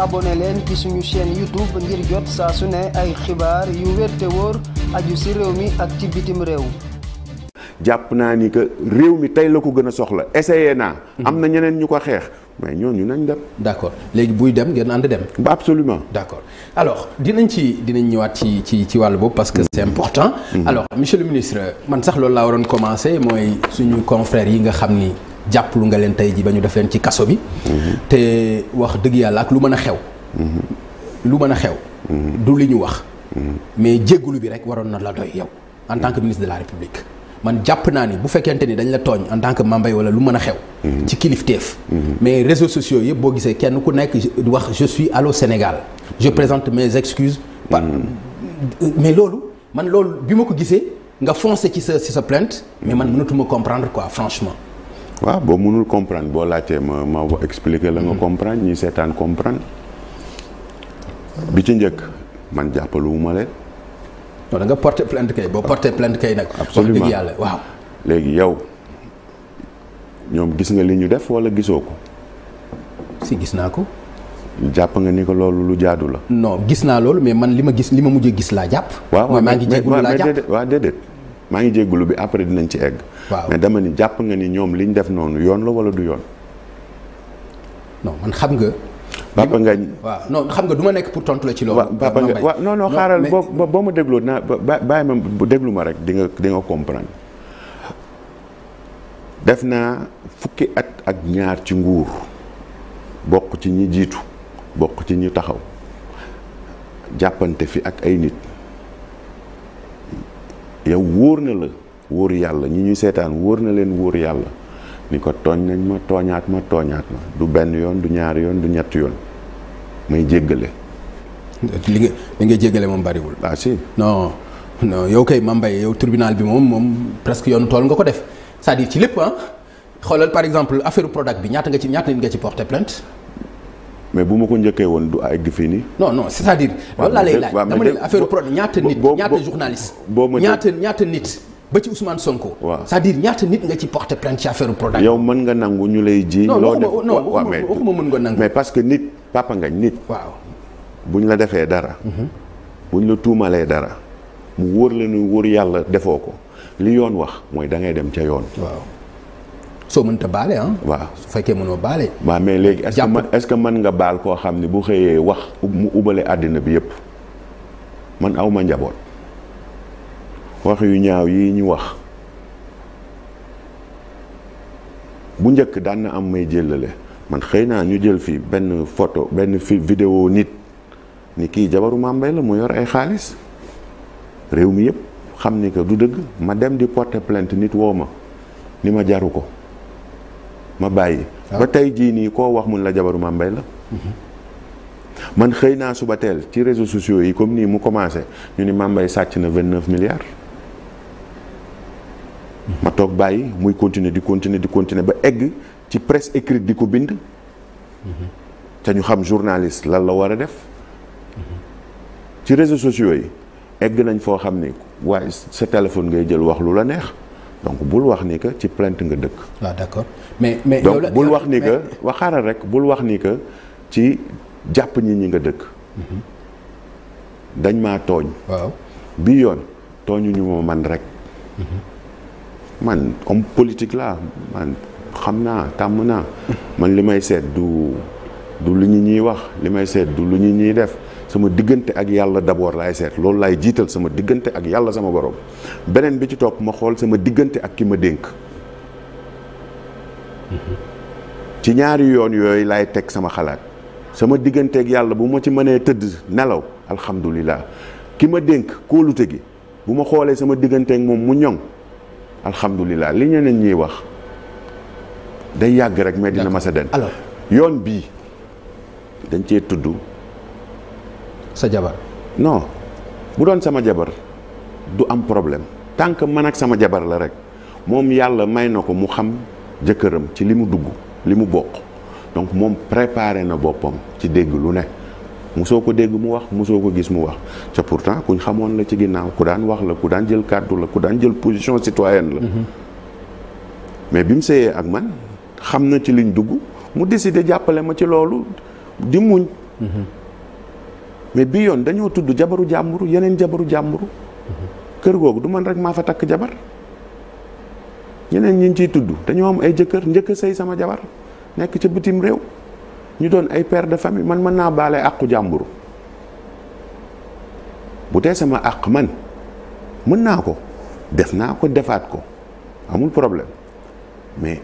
abonné leen ci suñu chaîne YouTube ngir jot saa su ne ay xibaar yu wér te wóor aju si réew mi ak ci bitim réew. jàpp naa ni que réew mi tey la ko gën a soxla essayé naa. Mhm. am na ñeneen ñu ko xeex mais ñooñu nañ dem. d' accord léegi buy dem ngeen ànd dem. ba absolument d' accord alors dinañ ci dinañ ñëwaat ci ci ci wàll boobu parce que c' mhm. important. Mhm. alors monsieur le ministre man sax loolu laa waroon commencé mooy suñu confrères yi nga xam ni. jàppalu nga leen tey ji ba ñu def leen ci kaso bi mhm. te wax dëgg yàlla ak lu mën a xew mhm. lu mën a xew mhm. du li ñu wax mais jéggulu bi rek waroon na la doy yow en tant que ministre de la république man jàpp naa ni bu fekkente ni dañ la tooñ en tant que mambay wala lu mën a xew ci kilifteef mais réseaux sociaux yëpp boo gisee kenn ku nekk wax je suis Allô Sénégal je présente mes excuses mais loolu man loolu bi ma ko gisee nga foncé ci sa ci sa plainte mais man mënatuma comprendre quoi franchement waaw boo mënul comprendre boo laajtee ma ma expliquer la nga mm-hmm. comprendre ñi seetaan comprendre bi ci njëkk man jàppalu ma leen. non da nga porté plainte kay boo porté plainte kay nag. absolument wax dëgg yàlla waaw. léegi yow ñoom gis nga li ñu def wala gisoo ko. si gis naa ko. jàpp nga ni ko loolu lu jaadu la. non gis naa loolu mais man li ma gis li ma mujjee gis laa jàpp. waaw waaw mooy maa ngi jégalu laa jàpp waaw déedéet. maa ngi jéggulu bi après dinañ ci egg. waaw mais dama ni jàpp nga ni ñoom liñ def noonu yoon la wala du yoon. non xam nga. Papa Ngagne waaw non xam nga du nekk pour tontu la ci loolu. Papa Ngagne waaw non non xaaral boo boo ma dégloo naa ba bàyyi ma déglu ma rek di nga di nga comprendre. def naa fukki ak ak ñaar ci nguur bokk ci ñi jiitu bokk ci ñi taxaw jàppante fi ak ay nit. yow wóor na la wóor yàlla ñi ñuy seetaan wóor na leen wóor yàlla ni ko tooñ nañ ma tooñaat ma tooñaat ma du benn yoon du ñaari yoon du ñetti yoon may jéggale. li nga li nga jéggale moom bariwul. ah si non non yow kay Mbaye yow tribunal bi moom moom presque yoon tool nga ko def cest à ci lépp a ah, xoolal par exemple affaire Prodac bi ñaata nga ci ñaata nit nga ci porter plainte. mais bu ma ko njëkkee woon du egg fii nii. non non c'est-à-dire. loolu laa lay laaj dama ne affaire problème ñaata nit ñaata journaliste. boo ma ñaata ñaata nit. ba ci Ousmane Sonko. waaw cest ñaata nit nga ci porter plainte ci affaire Prodac. yow mën nga nangu ñu lay ji. loo def non ma mën nga nangu. mais parce que nit papa nga nit. waaw buñ la defee dara. Mhm. buñ la tuumalee dara. mu wóor la nu wóor yàlla defoo ko li yoon wax mooy da ngay dem ca yoon. soo mënta baale ah. waaw su fekkee mënoo baale. waaw mais léegi est-ce que man ce que mën nga baal koo xam ne bu xëyee wax mu ubale àddina bi yëpp man aw ma njaboot wax yu ñaaw yi ñu wax bu njëkk daan na am may jëllale man xëy naa ñu jël fii benn photo benn fi vidéo nit ni kii jabaru Mame Mbaye la mu yor ay xaalis réew mi yëpp xam ni que du dëgg ma dem di porter plainte nit woo ma ni ma jaru ko. ma bàyyi ah. ba tey jii nii koo wax mun la jabaru Mame Mbaye la mhm. man xëy naa suba teel ci réseau sociaux yi comme nii mu commencé ñu ni Mame Mbaye sàcc na vingt neuf milliards mhm. ma toog bàyyi muy continuer di continuer di continuer ba egg ci presse écrite di ko bind mhm. te ñu xam journaliste lan la war a def ci réseaux sociaux yi egg nañ foo xam ni waaye sa téléphone ngay jël wax lu la neex donc bul wax ni que ci plainte nga dëkk. waaw ah, d'accord mais mais donc bul wax ni que waxaaral rek bul wax ni que ci jàpp ñi ñi nga dëkk. Mm-hmm. dañ ma tooñ. waaw bii yoon tooñuñu ma man rek. Mm-hmm. man homme politique laa man xam naa tàmm naa. man li may seet du du lu ñu ñuy wax li may seet du lu ñu ñuy def. sama diggante ak yàlla d'abord laay seet loolu laay jiital sama diggante ak yàlla sama borom beneen bi ci topp ma xool sama diggante ak ki ma dénk ci ñaari yoon yooyu laay teg sama xalaat sama digganteeg yàlla bu ma ci mënee tëdd nelaw alhamdulilah ki ma dénk kóolute gi bu ma xoolee sama digganteeg moom mu ñoŋ alhamdulilah li ñeneen ñuy wax day yàgg rek mais dina ma sa den yoon bii dañ cee tudd sa jabar. non bu doon sama jabar du am problème tant que man ak sama jabar la rek moom yàlla may na ko mu xam jëkkëram ci li mu dugg li mu bokk donc moom préparé na boppam ci dégg lu ne musoo ko dégg mu wax musoo ko gis mu wax te pourtant kuñ xamoon la ci ginnaaw ku daan wax la ku daan jël kàddu la ku daan jël position citoyenne la. Mhm. mais bi mu sëyee ak man xam na ci liñ dugg mu décidé jàppale ma ci loolu di muñ. Mhm. mais bii yoon dañoo tudd jabaru jàmburu yeneen jabaru jàmburu kër googu du man rek maa fa takk jabar ñeneen ñi ñu ciy tudd dañoo am ay jëkkër njëkk sëy sama jabar nekk ca bitim réew ñu doon ay père de famille man mën naa baale àqu jàmburu bu dee sama àq man mën naa ko def naa ko defaat ko amul problème mais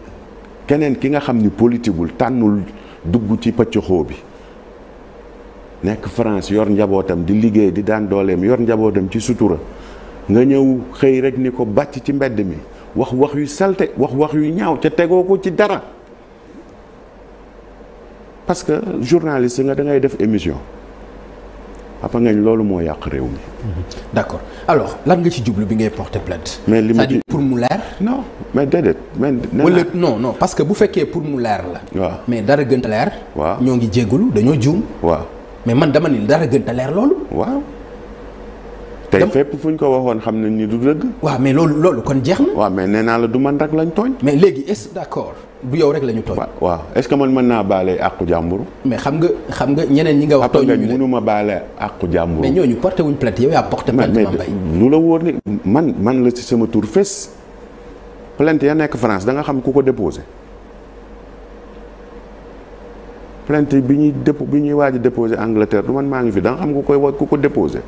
keneen ki nga xam ni politiqueul tànnul dugg ci pëcc xoo bi nekk France yor njabootam di liggéey di daan dooleem yor njabootam ci sutura nga ñëw xëy rek ni ko bàcc ci mbedd mi wax wax yu salte wax wax yu ñaaw ca tegoo ko ci dara parce que journaliste nga da ngay def émission papa ngañ loolu moo yàq réew mi. Mhm. d'accord alors lan nga ci jublu bi ngay porter plainte. mais li ma pour mu leer. non mais déedéet mais. wala non non parce que bu fekkee pour mu leer la. waaw mais dara gën leer. waaw ñoo ngi jégalu dañoo juum. waaw. mais man dama ni dara gën te leer loolu. waaw. tey fépp fu ñu ko waxoon xam nañ ni du dëgg. waaw mais loolu loolu kon jeex na. waaw mais ne naa la du man rek lañ tooñ. mais léegi est-ce d'accord du yow rek la ñu tooñ. waaw est-ce que man mën naa baale àqu jàmbur. mais xam nga xam nga ñeneen ñi nga wax. tooñ ñu ne ma baale àqu jàmbur. mais ñooñu porté wuñ plainte yow yaa porté plainte ma mbay. lu la wóor ni man man la ci sama tur fés. plainte ya nekk France da nga xam ku ko déposé. plainte bi ñuy dépo bi ñuy waaj a déposé Angleterre du man maa ngi fi da nga xam ku koy wo ku ko déposé.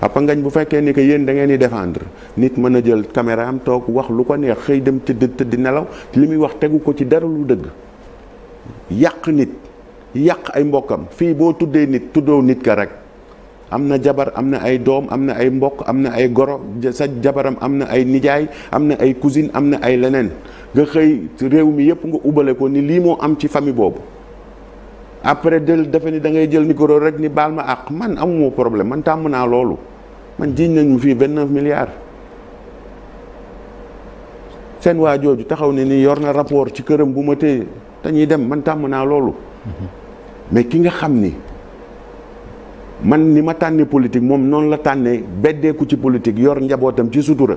apa ngañ bu fekkee ni que yéen da ngeen di defendre nit mën a jël caméra am toog wax lu ko neex xëy dem tëdd tëdd nelaw li muy wax tegu ko ci dara lu dëgg yàq nit yàq ay mbokkam fii boo tuddee nit tuddoo nit ka rek am na jabar am na ay doom am na ay mbokk am na ay goro sa jabaram am na ay nijaay am na ay cousine am na ay leneen nga xëy réew mi yépp nga ubale ko ni lii moo am ci famille boobu après del dafa ni da ngay jël micro rek ni baal ma àq man amuma problème man tàmm naa loolu man jiiñ nañ mu fii vingt neuf milliards seen waa jooju taxaw ne ni yor na rapport ci këram bu ma téye te dem man tàmm naa loolu mais ki nga xam ni man ni ma tànni politique moom noonu la tànnee beddeeku ci politique yor njabootam ci sutura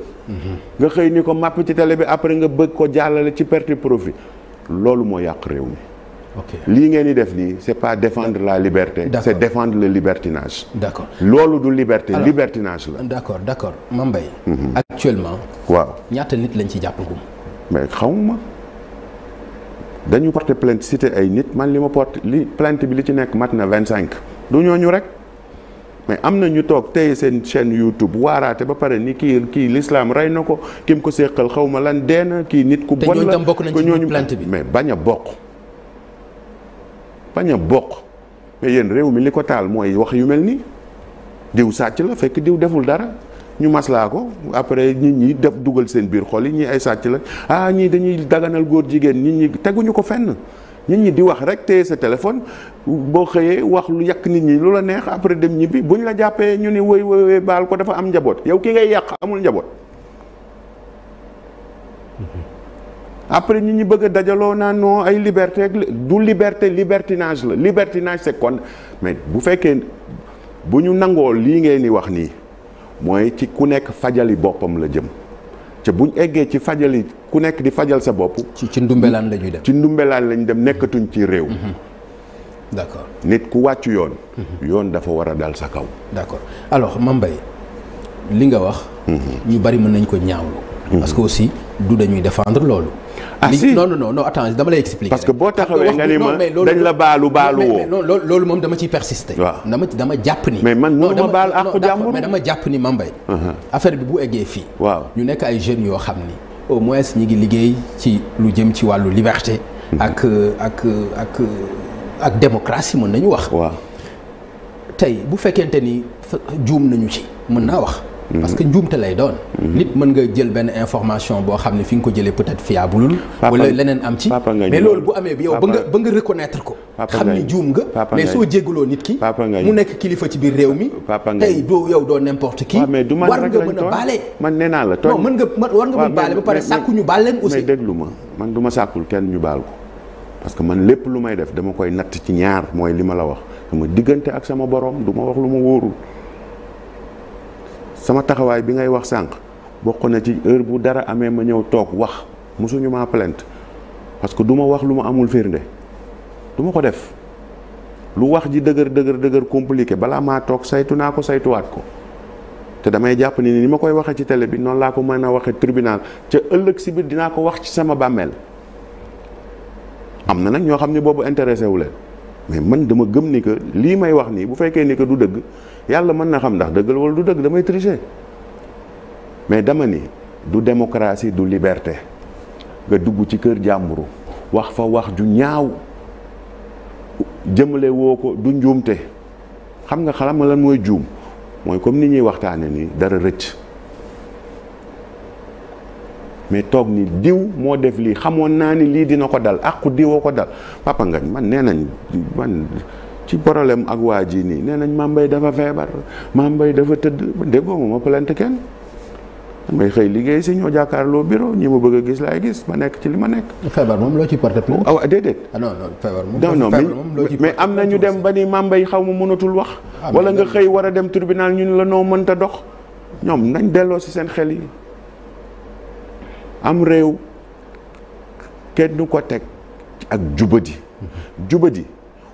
nga xëy ni ko màpp ci télé bi après nga bëgg ko jàllale ci perte profit loolu moo yàq réew mi lii ngeen di def nii c'est pas défendre la liberté. c'est défendre le libertinage. d'accord loolu du liberté Alors, libertinage la. d'accord d'accord ma mbay mhm. actuellement. waaw ñaata nit lañ ci jàppagum. mais xawma dañu porter plainte cité ay nit man li ma porte li plant bi li ci nekk mat na vingt cinq. du ñooñu rek mais am na ñu toog tey seen chaîne YouTube waaraate ba pare ni kii kii lislaam rey na ko ki mu ko séqal xawma lan dee na kii nit ku. bon la te ñooñu tam bokk nañ ci bi mais bañ a bokk. bañ boq bokk mais yéen réew mi li ko taal mooy wax yu mel nii diw sàcc la fekk diw deful dara ñu maslaa ko après nit ñi def dugal seen biir xol yi ñii ay sàcc la ah ñii dañuy daganal góor jigéen nit ñi teguñu ko fenn. nit ñi di wax rek téye sa téléphone boo xëyee wax lu yàq nit ñi lu la neex après dem ñibbi ñu la jàppee ñu ni woy woy baal ko dafa am njaboot yow ki ngay yàq amul njaboot. après ñi ñu bëgg a dajaloo naa non ay liberté ak du liberté libertinage la libertinage c'est kon mais bu fekkee bu ñu nangoo lii ngeen di wax nii mooy ci ku nekk fajali boppam la jëm te buñ eggee ci fajali ku nekk di fajal sa bopp. ci ci ndumbelaan lañuy ñuy dem ci ndumbelaan lañu dem nekkatuñ ci réew. Mhm. d'accord nit ku wàcc yoon. Mhm. yoon dafa war a dal sa kaw. d'accord alors Mame Mbaye li nga wax. Mhm. ñu bari mën nañ ko ñaaw parce aussi du dañuy défendre loolu. ah si non non non attends dama lay expliquer. parce que boo taxawee nga ni ma dañ la baalu baalu woo. non loolu moom dama ciy persister. waaw dama dama jàpp ni. mais man mënuma baal àqu jàmbur mais dama jàpp ni Mambay. Uh-huh. affaire bi bu eggee fii. waaw ñu nekk ay jeunes yoo xam ni au moins ñi ngi liggéey ci lu jëm ci wàllu liberté. Mm-hmm. ak ak ak ak démocratie mën nañu wax. waaw tey bu fekkente ni juum nañu ci mën naa wax. parce que njuumte lay doon. nit mën nga jël benn information boo xam ne fi nga ko jëlee peut-être fiabulul. wala leneen am ci mais loolu bu amee bi yow ba nga ba nga reconnaître ko. xam ni juum nga. mais soo jégaloo nit ki. mu nekk kilifa ci biir réew mi. tey doo yow doo n'importe qui. war nga mën a baale. man nee naa la tooñ mën nga war nga mën baale ba pare sàkku ñu baal leen aussi. ma man du ma sàkkul kenn ñu baal ko parce que man lépp lu may def dama koy natt ci ñaar mooy li ma la wax sama diggante ak sama borom du ma wax lu ma wóorul sama taxawaay bi ngay wax sànq bokk na ci heure bu dara amee ma ñëw toog wax mosuñu maa plainte parce que du ma wax lu ma amul firnde du ma ko def lu wax ji dëgër dëgër dëgër compliqué balaa maa toog saytu naa ko saytuwaat ko te damay jàpp ni ni ma koy waxee ci tele bi noonu laa ko mën a waxee tribunal ca ëllëg si dinaa ko wax ci sama bàmmeel am na nag ñoo xam ne boobu intéressé wu mais man dama gëm ni que lii may wax nii bu fekkee ni que du dëgg yàlla mën na xam ndax dëgg la wala du dëgg damay tricher mais dama ni du démocratie du liberté nga dugg ci kër jàmburu wax fa wax ju ñaaw jëmale woo ko du njuumte xam nga xalam nga lan mooy juum mooy comme ni ñuy waxtaane ni dara rëcc mais toog ni diw moo def lii xamoon naa ni lii dina ko dal àqu diwoo ko dal papa nga man nee nañ man ci problème ak waa jii nii nee nañ Mame Mbaye dafa feebar Mame Mbaye dafa tëdd déggoo ma ma plainte kenn damay xëy liggéey si ñoo jàkkaarloo bureau ñi ma bëgg a gis laay gis ma nekk ci li ma nekk. feebar moom loo ci porté plainte. ah déedéet. ah non non feebar moom. non non mais am na ñu dem ba ni Mame Mbaye xaw ma mënatul wax. Ah, wala nga xëy war a dem tribunal ñu ne la noo mënta dox. ñoom nañ delloo si seen xel yi am réew kenn du ko teg ak jubadi mm-hmm. jubadi.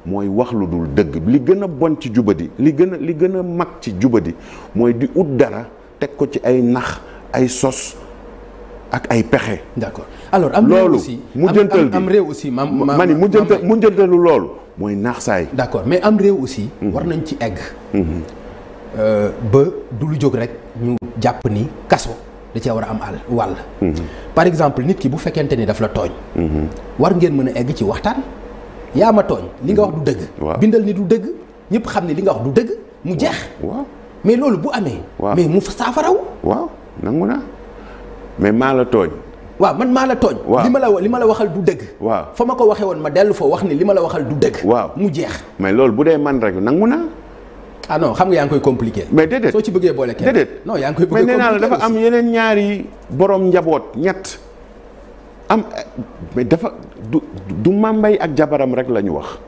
mooy wax lu dul dëgg li gën a bon ci jubadi li gën a li gën a mag ci di mooy di ut dara teg ko ci ay nax ay sos ak ay pexe. d'accord alors am réew aussi loolu mujjantal am réew aussi ma ma ni mujjantal mujjantalu loolu mooy naax saay. d'accord mais am réew aussi. Mhm. war nañ ci egg. Mhm. Euh, ba du lu jóg rek ñu jàpp ni kaso da cee war a am àll wàll. Mhm. par exemple nit ki bu fekkente ni daf la tooñ. war ngeen mën a egg ci waxtaan. yaa ma tooñ li nga wax du dëgg. bindal ni du dëgg ñëpp xam ne li nga wax du dëgg. mu jeex waaw mais loolu bu amee. mais mu saafaraw. waaw nangu na mais maa la tooñ. waaw man maa la tooñ. li ma la li ma la waxal du dëgg. waaw fa ma ko waxee woon ma dellu fa wax ni li ma la waxal du dëgg. waaw mu jeex. mais loolu bu dee man rek nangu na. ah non xam nga yaa ngi koy compliqué. mais déedéet soo ci bëggee boole kenn. déedéet non yaa mais nee naa la dafa am yeneen ñaari borom njaboot ñett. am mais dafa du du mambay ak jabaram rek la ñu wax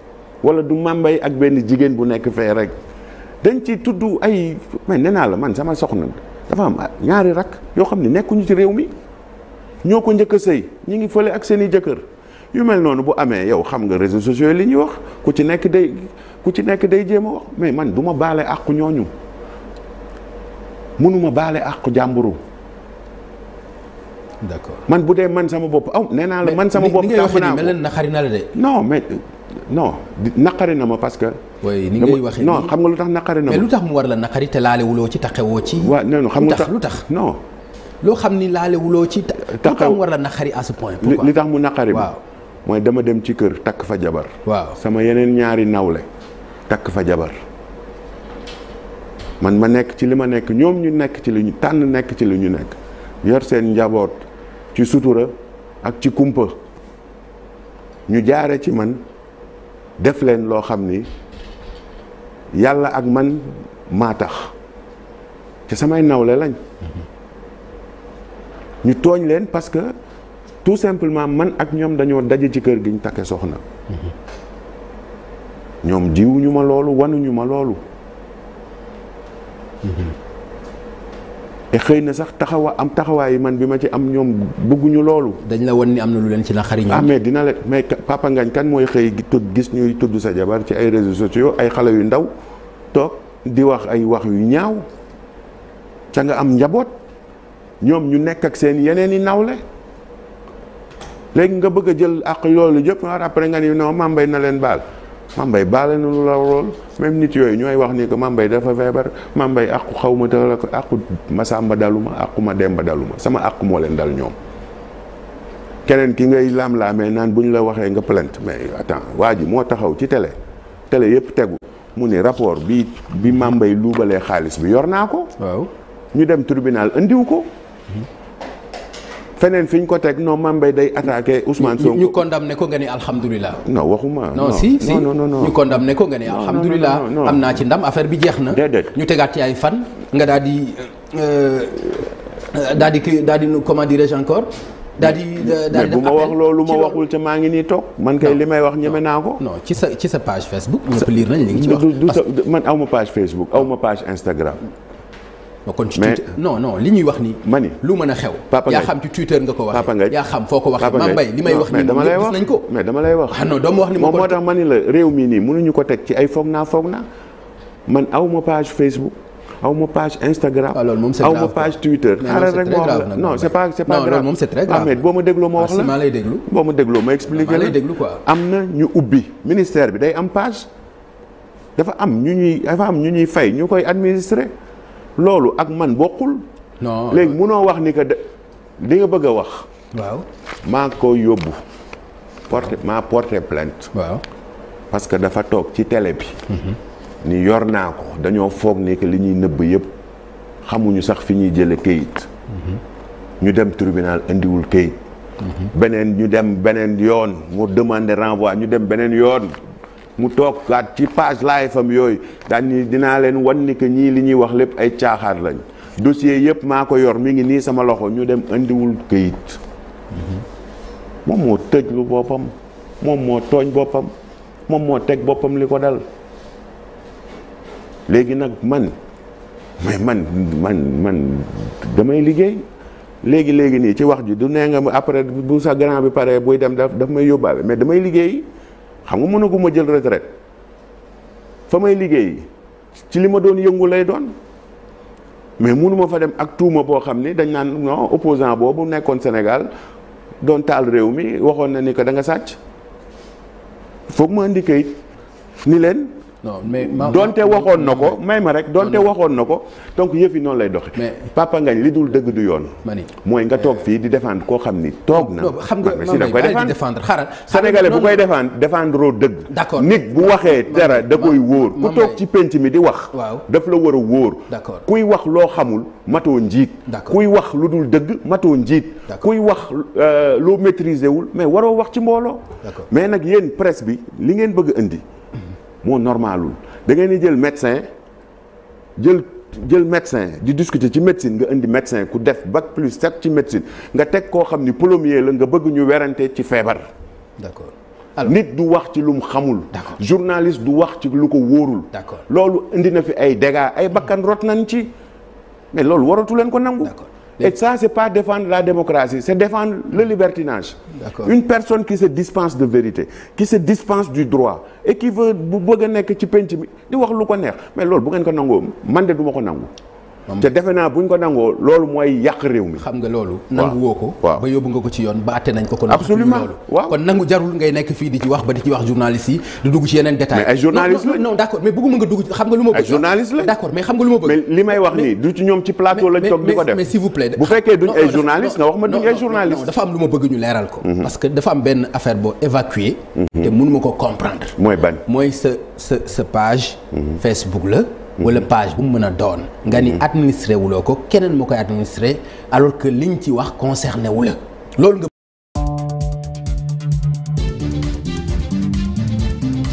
wala du mambay ak benn jigéen bu nekk fee rek dañ ci tudd ay mais nee naa la man sama soxna dafa am ñaari rak yoo xam ne nekkuñu ci réew mi ñoo ko njëkk a sëy ñi ngi fële ak seen i jëkkër yu mel noonu bu amee yow xam nga réseaux sociaux yi li ñuy wax ku ci nekk day ku ci nekk day jéem a mais man du ma baale àqu ñooñu mënuma baale àqu jàmburu d'accord man bu dee man sama bopp aw nee naa la man sama bopp tàmm naa ko naqari na la de. non mais non naqari na ma parce que. oui ni ngay waxee non xam nga lu tax naqari na ma. lu tax mu war la naqari laalewuloo ci taqewoo ci. waaw non xam nga lu tax non. loo xam ni laalewuloo ci. taqew la naqari à ce point. pourquoi li tax mu naqari ma. mooy dama dem ci kër takk fa jabar. waaw sama yeneen ñaari nawle takk fa jabar. man ma nekk ci li ma nekk ñoom ñu nekk ci lu ñu tànn nekk ci lu ñu nekk yor seen njaboot. ci sutura ak ci kumpa ñu jaare ci man def leen loo xam ni yàlla ak man maa tax te samay nawle lañ ñu tooñ leen parce que tout simplement man ak ñoom dañoo daje ci kër gi ñu takke soxna ñoom diwuñu ma loolu wanuñu ma loolu xëy na sax taxawa am taxawaay man bi ma ci am ñoom bëgguñu loolu. dañ la wan ni am na lu leen ci naqari ñoom. amee ah, dina la mais Papa Ngagne kan mooy xëy tudd gis ñuy tudd sa jabar ci ay réseaux sociaux ay xale yu ndaw toog di wax ay wax yu ñaaw ca nga am njaboot ñoom ñu nekk ak seen yeneen i nawle léegi nga bëgg a jël ak loolu yëpp après nga ni non maa mbay na leen baal. Mambay baale na lu la lool même nit yooyu ñooy wax ni que Mambay dafa feebar Mambay àqu xaw ma tëral ak àqu Masamba daluma àqu ma Demba daluma sama àqu moo leen dal ñoom. keneen ki ngay laam-laamee naan bu ñu la waxee nga plainte mais attends waa ji moo taxaw ci tele tele yëpp tegu mu ni rapport bi bi Mambay luubalee xaalis bi yor naa ko. waaw ñu dem tribunal andiw ko. Mhm. feneen fi ñu ko teg non ma mbay day attaqué Ousmane Sonko. ñu condamné ko nga ni alhamdulilah. non waxuma. non si si non non non ñu condamné ko nga ni alhamdulilah. am naa ci ndam affaire bi jeex na. déedéet ñu tegaat ci ay fan. nga daal di euh, euh, daal di kii daal di comment dirais-je encore. daal di euh, daal di bu ma wax loolu ma waxul te maa ngi nii toog. man kay li may wax ñeme naa ko. non ci sa ci sa page Facebook. ñëpp lire nañ li ngi ci wax man aw ma page Facebook aw ma page Instagram. mais non non li ñuy wax ni ma lu man a xew. Papa Ngagne yaa xam ci Twitter nga ko waxee. Papa Ngagne yaa xam foo ko wax Mame Mbaye li wax nii moom gis nañ ko. mais dama lay wax ah non doo ma wax ni ma ko. moom moo tax ma ni la réew ko teg ay foog naa aw ma page Facebook. aw ma page ah, ma page Twitter xaaral rek moo wax la non c'est pas c'est pas grave ah mais boo ma dégloo ma wax ah, la boo ma dégloo ma expliqué la am na ñu ubbi ministère bi day am page dafa am ñu ñuy dafa am ñu ñuy fay ñu koy administrer loolu ak man bokkul. non léegi munoo wax ni que de li nga bëgg a wax. waaw maa ko yóbbu. porté maa porté plainte. waaw parce que dafa toog ci télé bi. ni yor naa ko dañoo foog ni li ñuy nëbb yëpp xamuñu sax fi ñuy jële kayit. ñu dem tribunal indiwul kayit. Mhm. beneen ñu dem beneen yoon mu demande renvoi ñu dem beneen yoon. mu toog toogaat ci page live am yooyu daan dinaa leen wan ni que ñii li ñuy wax lépp ay caaxaar lañ dossier yëpp maa ko yor mi ngi nii sama loxo ñu dem indiwul këyit moom moo tëjlu boppam moom moo tooñ boppam moom moo teg boppam li ko dal léegi nag man mais man man man damay liggéey léegi léegi nii ci wax ji du nee nga après bu sa grand bi pare buy dem daf daf may yóbbaale mais damay liggéey. xam nga mënaguma jël retraite fa may liggéey ci li ma doon yëngu lay doon mais mënuma fa dem ak tuuma boo xam ni dañ naan non opposant boobu nekkoon Sénégal doon taal réew mi waxoon na ni ko da nga sàcc foog ma indi kayit ni leen. non mais donte waxoon na ko may ma rek donte waxoon na ko donc yëf yi noonu lay doxe papa ngañ li dul dëgg du yoon. mooy nga eh, toog fii di défendre koo xam ni toog na. xam nga si da koy défendre xaaral. sénégalais bu koy défendre défendre dëgg. d'accord nit bu waxee dara da koy wóor. ku toog ci penc mi di wax. daf la war a wóor. kuy wax loo xamul matoo njiit. kuy wax lu dul dëgg matoo njiit. kuy wax euh, loo maîtriser wul mais waroo wax ci mbooloo. mais nag yéen press bi li ngeen bëgg indi moo normalul da ngeen di jël médecin jël jël médecin di discuter ci médecine nga indi médecin ku def bac plus sept ci médecine nga teg koo xam ni plombier la nga bëgg ñu werante ci feebar. d'accord nit du wax ci lu mu xamul. journaliste du wax ci lu ko wóorul. d'accord loolu indi na fi ay dégâts ay bakkan rot nañ ci mais loolu waratu leen ko nangu. et ça c'est pas défendre la démocratie c'est défendre le libertinage une personne qui se dispense de vérité qui se dispense du droit et qui veut bu bëgg a nekk ci penc mi di wax lu ko neex mais loolu bu ngeen ko nangoo man de du ma ko nangu te defe naa buñ ko nangoo loolu mooy yàq réew mi xam nga loolu nangu woo ko ba yóbbu nga ko ci yoon baate nañ ko kon absolument waaw kon nangu jarul ngay nekk fii di ci wax ba di ci wax journaliste yi di dugg ci yeneen détail mais ay journaliste la non d' accord mais bëgguma nga dugg xam nga lu ma bëgg journaliste la d' ma bëgg mais ko def mais s'il vous plaît bu ma dafa am lu ma bëgg leeral ko mhm. parce que dafa am benn affaire boo évacuer mhm. te mënuma ko comprendre mooy ban mooy sa sa sa page mhm. Facebook la wala page bu mu mën a doon nga ni mhm. administré wuloo ko keneen moo koy administré alors que liñ ci wax concerné wu la loolu nga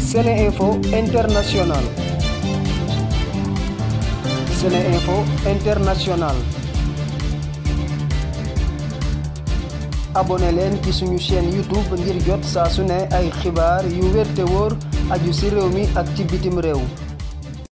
Sene Info International Sene Info International abonné leen ci suñu chaîne YouTube ngir jot saa su ne ay xibaar yu wér te wóor aju ci réew mi ak ci bitim réew